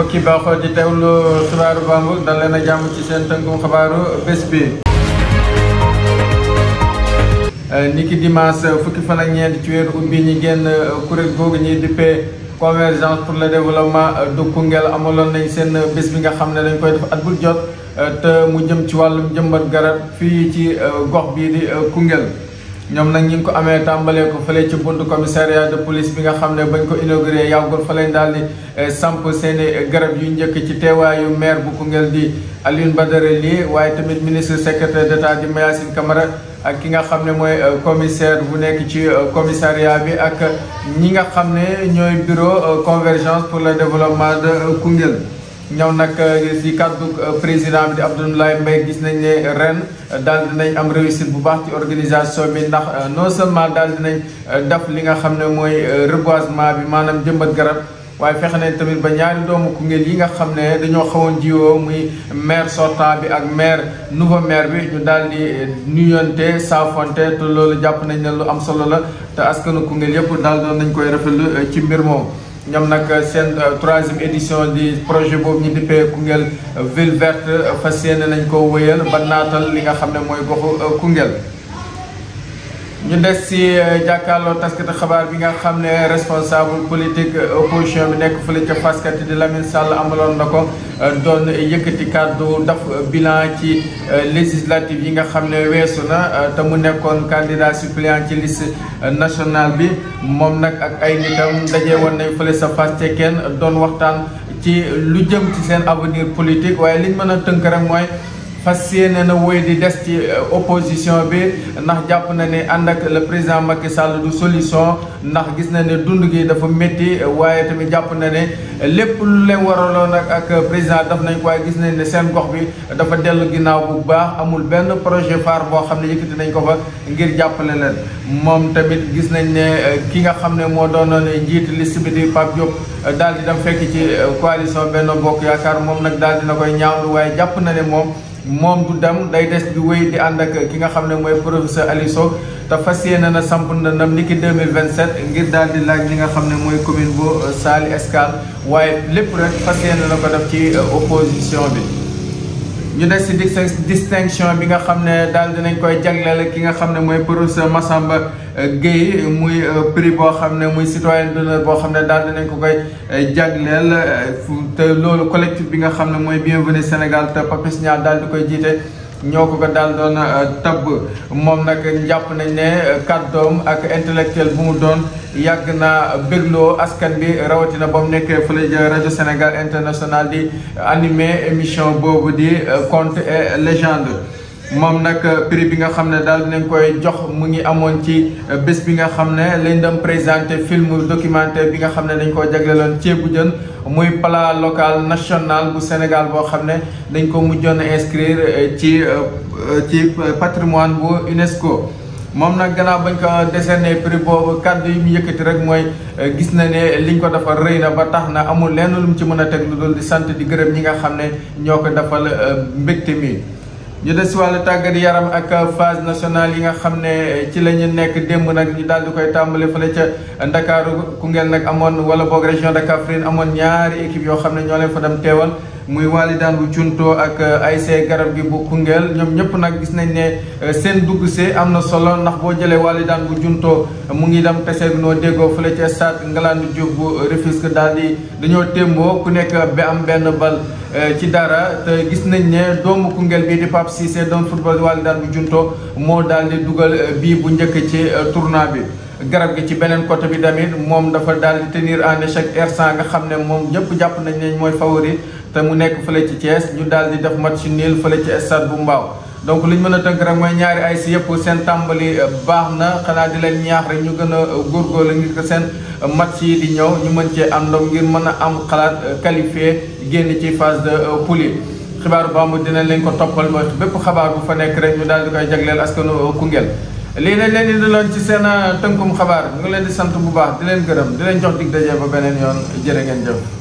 mbokk yi di teewlu xibaaru Bambouck dal leen a jàmm ci seen tënkum xabaaru bés bi. Euh, niki dimanche fukki fan ak ñeent ci weeru ut bi ñu génn euh, kuréel googu ñuy dippee convergence pour le développement euh, du Koungheul amaloon nañ seen bés bi nga xam ne dañ koy def at bu jot te mu jëm ci wàllum jëmbat garab fii ci gox bii di Koungheul. ñoom nag ñi ngi ko amee tàmbalee ko fële ci buntu commissariat de police bi nga xam ne bañ ko inauguré yàggul fa lañ daal eh, samp seeni garab yu njëkk ci teewaayu maire bu Koungheul di Alioune Badara Ly waaye tamit ministre secrétaire d'état di Mayacine Camara ak ki nga xam ne mooy eh, commissaire bu nekk ci eh, commissariat bi ak ñi nga xam ne ñooy bureau convergence pour le développement de Koungheul ñëw nag euh, si kàddu euh, président bi di Abdoulaye Mbaye gis nañ ne ren euh, daal dinañ am réussite bu baax ci organisation bi ndax non seulement daal dinañ def li nga xam ne mooy reboisement bi maanaam jëmbat garab waaye fexe nañ tamit ba ñaari doomu Koungheul yi nga xam ne dañoo xawoon jiwoo muy maire sortant bi ak maire nouveau maire bi ñu daal di nuyonte saafonte te loolu jàpp nañ ne lu am solo la te askanu Koungheul yëpp daal doon nañ koy rafetlu ci mbir moom ñoom nag seen euh, troisième édition di projet boobu ñu dippee Koungheul euh, ville verte euh, fas yéene nañ ko wéyal ba naatal li nga xam ne mooy goxu Koungheul ñu des si euh, jàkkaarloo taskati xabaar bi nga xam ne responsable politique euh, opposition bi nekk fële ca faskati di Lamine Sall amaloon na ko euh, doon yëkkati kàddu daf bilan ci législative yi nga xam ne weesu na te mu nekkoon candidat suppléant ci liste nationale bi moom nag ak ay nitam dajee woon nañ fële sa Fass kenn doon waxtaan ci lu jëm ci seen avenir politique waaye liñ mën a tënk rek mooy fas yéene na woy di des ci euh, opposition bi ndax jàpp na ne ànd ak le président Macky sàll du solution ndax gis na ne dund gi dafa métti euh, waaye tamit jàpp na ne euh, lépp lu leen waraloon ak président daf nañu ko waaye gis nañ ne seen gox bi dafa dellu ginnaaw bu baax amul benn projet phare boo xam ne yëkkati nañ ko fa ngir jàpp na leen. moom tamit gis nañ ne ki nga xam ne moo doon njiitu liste bi di Pape Diop daal di dem fekk ci coalition Benno Bokk Yaakaar moom nag daal dina koy ñaawlu waaye jàpp na ne moom. moom du dem day des di wéy di ànd ak ki nga xam ne mooy professeur Aliou te fas yéene na samp ndëndam ni ki vingt 2027 ngir daal di laaj li nga xam ne mooy commune bu saali Escale waaye lépp rek fas yéene na ko def ci euh, opposition bi. ñu ne si distinction bi nga xam ne daal dinañ koy jagleel ki nga xam ne mooy professeur Massamba euh, Guèye muy euh, prix boo xam ne muy citoyen d'honneur boo xam ne daal nañ ko koy euh, jagleel te loolu collectif bi nga xam ne mooy Bienvenue Sénégal te Papis Niang daal di koy jiite. ñoo ko ko daal doon euh, tabb moom nag jàpp nañ ne euh, kàddoom ak intellectuel bu mu doon yàgg na bégloo askan bi rawatina ba mu nekkee fële rajo Sénégal international di anime émission boobu di euh, conte et légende moom nag prix bi nga xam ne daal dinañ koy jox mu ngi amoon ci bés bi nga xam ne lañ dem présenté film documentaire bi nga xam ne dañ koo jagleloon bu jën muy plat local national bu Sénégal boo xam ne dañ ko mujjoon inscrire euh, ci euh, ci patrimoine bu UNESCO. moom nag gannaaw bañ ko décerné prix boobu kàddu yi mu yëkkati rek mooy euh, gis na ne liñ ko defal rëy na ba tax na amul lenn lu mu ci mën a teg lu dul di sant di gërëm ñi nga xam ne ñoo ko defal mbégte mi. ñu des si wàllu tàggat yaram ak phase nationale yi nga xam ne ci la ñu nekk démb nag ñu daal di koy tàmbale fële ca Ndakaaru Koungheul nag amoon wala boog région de Kaffrine amoon ñaari équipe yoo xam ne ñoo leen fa dem teewal. muy walidaan bu cuntoo ak ay eh, ASC garab gi bu Koungheul ñoom ñëpp nag gis nañ ne eh, seen dugg see am na solo ndax boo jëlee walidaan bu juntoo eh, mu ngi dem peseeg noo déggoo fële ca stade Ngalandou Diouf bu Rufisque daal di dañoo témboo ku nekk ba am benn bal ci dara te gis nañ ne doomu Koungheul bii di si Pape Cissé doon football walidaan bu juntoo moo daal di dugal bii bu njëkk ci tournoi bi garab gi ci beneen côté bi tamit moom dafa daal di tenir en échec R100 nga xam ne moom ñëpp jàpp nañ ne mooy favori te mu nekk fële ci Thiès ñu daal di def match nul fële ci stade bu Mbao donc li ñu mën a tënk rek mooy ñaari ay si yëpp seen tàmbali euh, baax na xanaa di leen ñaax rek ñu gën a euh, góorgóorlu ngir ko seen euh, mat yi di ñëw ñu mën cee àndoom ngir mën a am xalaat qualifié génn ci phase de poule xibaar xibaaru bambu dinañ leen ko toppal mooy bépp xabaar bu fa ñu daal di koy jagleel askanu Koungheul lii dañ leen di loon ci seen a uh, tënkum xabaar ñu ngi leen di sant bu baax di leen gërëm di leen jox dig daje ba beneen yoon jërë ngeen jëf